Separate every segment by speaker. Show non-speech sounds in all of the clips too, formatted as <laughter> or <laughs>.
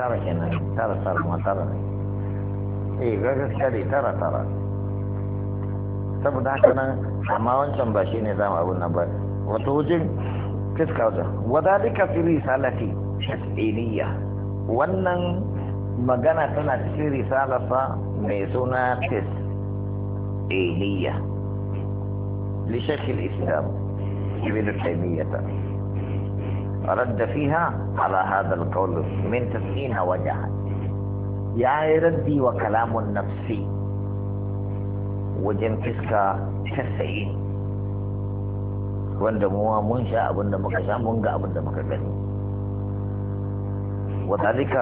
Speaker 1: tara kenan tara tara ma tara ne eh ga gaskiya dai tara tara saboda haka nan amma wancan ba shine zamu abun nan ba wato wajen fiska wajen wadalika fi risalati tas'iliya wannan magana tana cikin risalarsa mai suna tas'iliya li shakil islam ibn taymiyyah رد فيها على هذا القول من تسعينها وجها يا ردي وكلام نفسي وجن فسكا تسعين وند موا منشا ابن دم كسام منغا ابن دم وذلك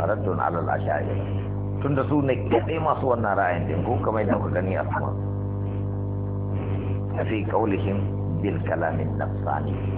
Speaker 1: رد على الاشاعره tun da su ne kaɗai masu wannan ra'ayin din ko kamar yadda kuka gani a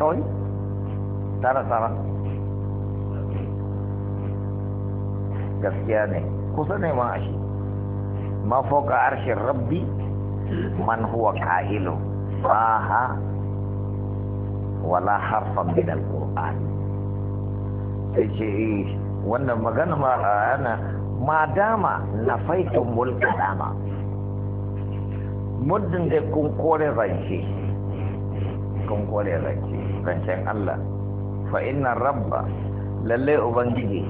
Speaker 1: wani tara tara gaskiya ne kusa ne ma shi ma foka arshin rabbi man huwa ka'ilu baha wala harfan min al-Qur'an. sai ce eh, wannan magana ma ma dama nafaitu mulka dama muddin da kun kore zance kun kore zance zancen Allah fa inna rabba lalle ubangiji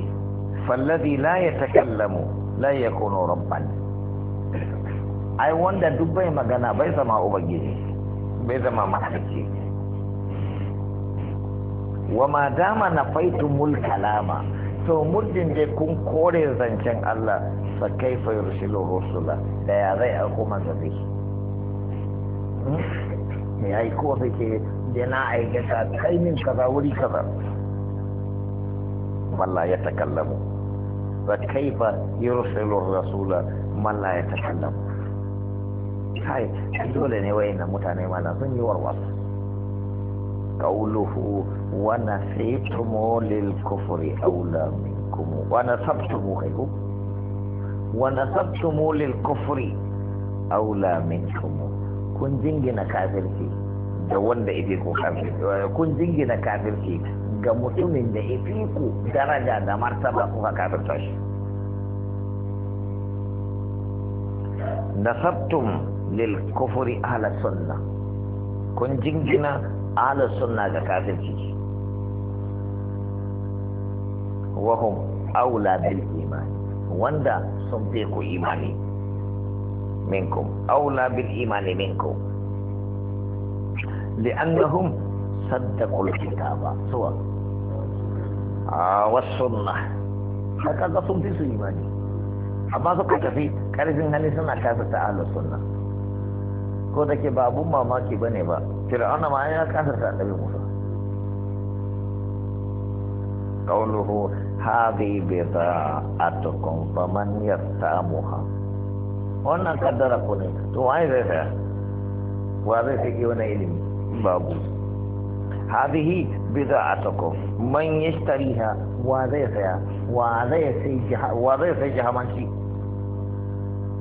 Speaker 1: fallazi la yatakallamu la yakunu rabban ai wanda duk bai magana bai zama ubangiji bai zama mahalici wa ma dama na faitu mul kalama to muddin da kun kore zancen Allah fa kaifa yursilu rusula da ya zai aiko manzanni ya ko sai ce yana aikata kai min kaza wuri kaza malla ya takallamu fa kaifa yursilu rasula malla ya takallamu kai dole ne wayannan mutane mala sun yi warwasa قوله ونسيتم للكفر أولى منكم ونسبتم خيكم ونسبتم للكفر أولى منكم kun jingina kafirci da wanda ife ku kafirci kun jingina kafirci ga mutumin da ife ku daraja da martaba kuka kafirta shi nasabtum lil kufri ala sunna kun jingina ala sunna ga kafirci wahum aula bil imani wanda sun fi ku imani منكم أولى بالإيمان منكم لأنهم صدقوا الكتاب سواء آه والسنة هكذا صم في إيماني أما سوف كفي كارثين هني سنة كافة أهل السنة كودا كي بابو ما ما كي بني با فرعون ما يا كافة النبي موسى قوله هذه بضاعتكم فمن يرتامها wannan kaddara ku ne to wani zai saya wa zai sai wani ilimi babu a bid'atukum man yashtariha wa zai saya wa zai sai jaha wa zai sai jahamanci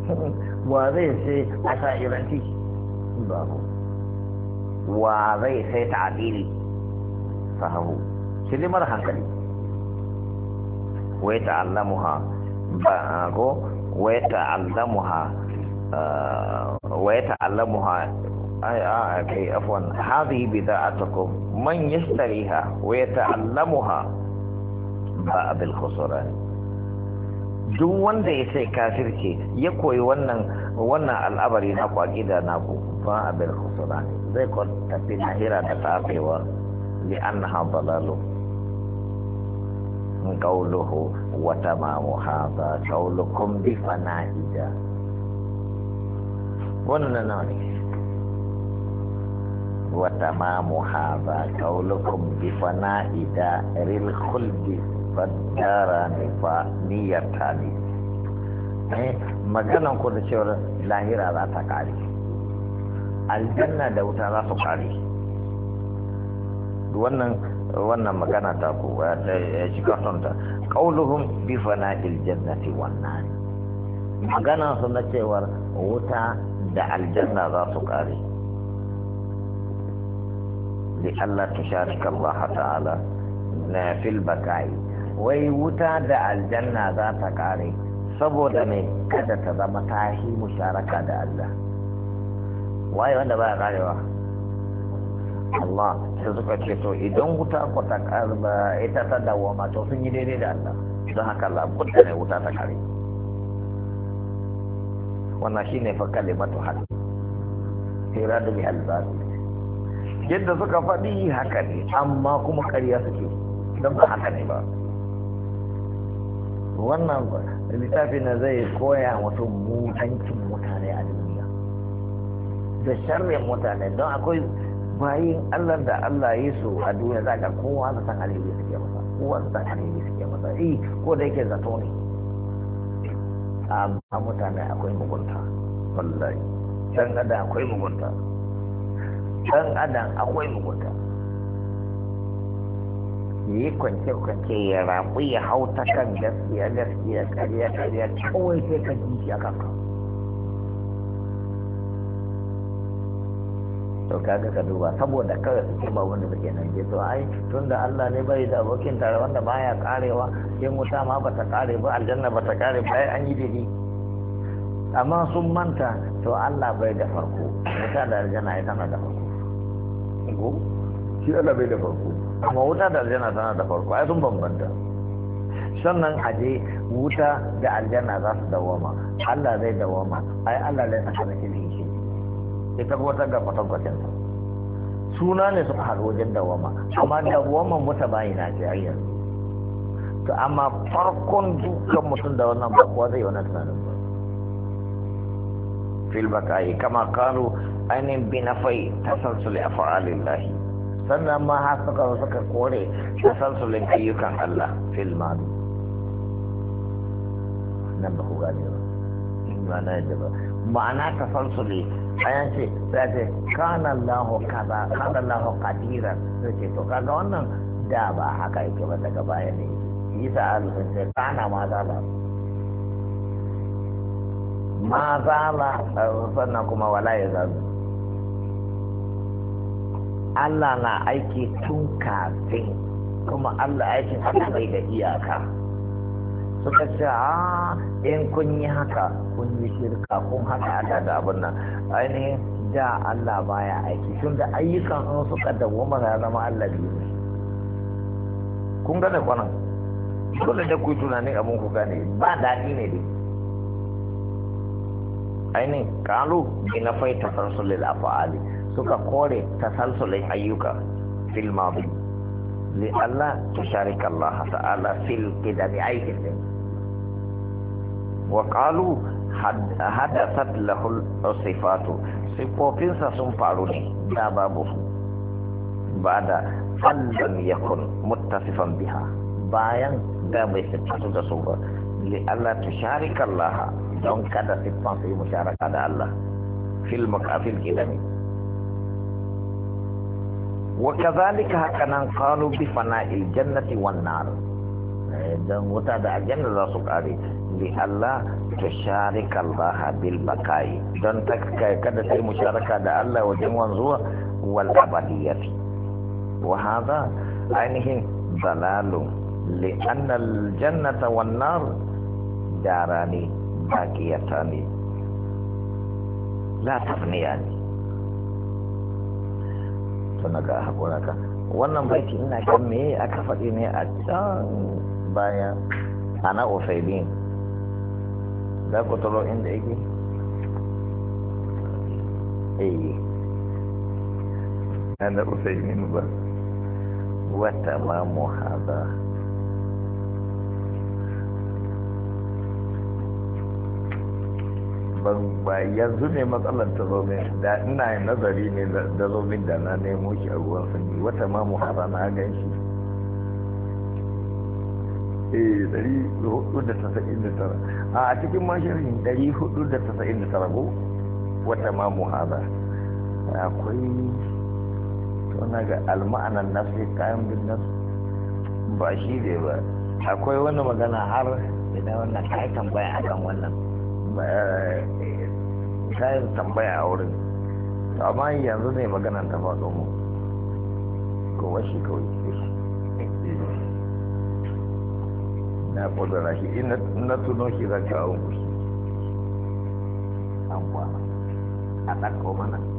Speaker 1: <laughs> wa zai sai asairanci babu wa zai sai ta'dili fahamu silimar hankali wai wa ta'allamuha ba ko wa yata'allamuha uh, wa yata'allamuha ai a ah, kai afwan hadhihi bida'atukum man yashtariha wa ba bil khusran duk wanda ya sai kafirce ya koyi wannan wannan al'amari na kwakida na ku ba bil khusran zai ko tafi lahira da tafewa li annaha dalalu qawluhu wata ma muhaza saulukum bi fana'ida wannan na ne wata ma muhaza saulukum bi fana'ida ril khuldi fadara ni fa niyata ni eh maganan ku da cewa lahira za ta kare aljanna da wuta za su kare wannan wannan magana ta ku a cikin qawluhum bi fana'il jannati wan nar magana su na cewar wuta da aljanna za su kare li Allah tusharika Allah ta'ala na fil bakai wai wuta da aljanna za ta kare saboda mai kada ta zama ta tahi musharaka da Allah waye wanda ba ya karewa Allah sai suka ce to idan wuta ku ta karba ita ta dawama to sun yi daidai da Allah don haka labudda ne wuta ta kare wannan ne fa kalimatu hal hiradu bi albasi yadda suka faɗi haka ne amma kuma ƙarya suke don ba haka ne ba wannan littafi na zai koya wasu mutancin mutane a duniya da sharrin mutane don akwai bayin Allah da Allah ya so a duniya za ka kowa da san alheri suke masa kowa da san alheri suke masa eh ko da yake zato ne a mutane akwai mugunta wallahi dan adam akwai mugunta dan adam akwai mugunta yi kwance kwance ya rabu ya hau ta kan gaskiya gaskiya kariya kariya kawai sai ka ji shi a kanka to ga ka duba saboda kawai suke ba wanda suke nan ke to ai tunda Allah ne bai da abokin tare wanda baya karewa in wuta ma bata kare ba aljanna bata kare ba ai an yi dai amma sun manta to Allah bai da farko wuta da aljanna ai tana da farko shi Allah bai da farko amma wuta da aljanna tana da farko ai sun bambanta sannan aje wuta da aljanna za su dawoma Allah zai dawoma ai Allah zai saka ilimi ya tabbatar da kwatankwacin suna ne suka haɗu wajen dawama amma dawaman mata bayi na ce ayyar to amma farkon dukkan mutum da wannan bakuwa zai wani tunanin ba fil bakayi kama kano ainihin binafai tasalsuli a lahi sannan ma har suka suka kore tasalsulin ayyukan Allah fil madu nan ba ku gane ba ma'ana ta ba ma'ana tasalsuli ayan ce sai ce kana Allahu kaza kana Allahu kadira sai ce to kaga wannan da ba haka yake ba daga baya ne isa alhun sai kana ma zala ma zala sannan kuma wala ya zalu Allah na aiki tun kafin kuma Allah aiki sa bai da iyaka suka ce a ah, in kun yi haka kun yi shirka kun haka Allah da abin nan ainihin da Allah baya aiki tun da ayyukan in suka dawoma ya zama Allah biyu ne kun gane kwanan dole da ku tunanin abin ku gane ba daɗi ne dai ainihin kalu na fai tafarsulil afa'ali suka kore tasalsulin ayyuka fil madi li Allah tusharika Allah ta'ala fil qidami aikin din وقالوا حدثت له الصفات صفوفنسا sun faru ne da babu ba da allam yakun muttasifan biha bayan da bai siffatu da su ba li Allah tusharika Allah don kada siffan su yi musharaka da Allah fil maqafil kidami wa kadhalika hakanan qalu bi fana'il jannati wan nar dan wuta da aljanna za su kare li Allah ta sharika Allah bil bakai don ta kada sai mu sharaka da Allah wajen wanzuwa wal abadiyyah wa hadha ainihin dalalun li anna al jannata wan nar darani baqiyatani la tafniyani to naga hakura ka wannan baiti ina kan me aka faɗi ne a can bayan ana usaibin za ku taro inda yake eyi eh. ana usaibin ba wata ma muhada ba yanzu ne matsalar ta zo da ina nazari ne da zo da na nemo shi a ruwan sanyi wata ma haza na gan shi 499 eh, a cikin mashirin 499 ko wata ma muhada akwai tona ga alma'anan nasu kayan bin nasu ba shi ne ba akwai wani magana har idan wannan kayan tambaya akan wannan eh, kayan tambaya a wurin amma yanzu ne magana ta faɗo mu kowa shi kawai na kudura shi ina na tuno shi an a ɗan mana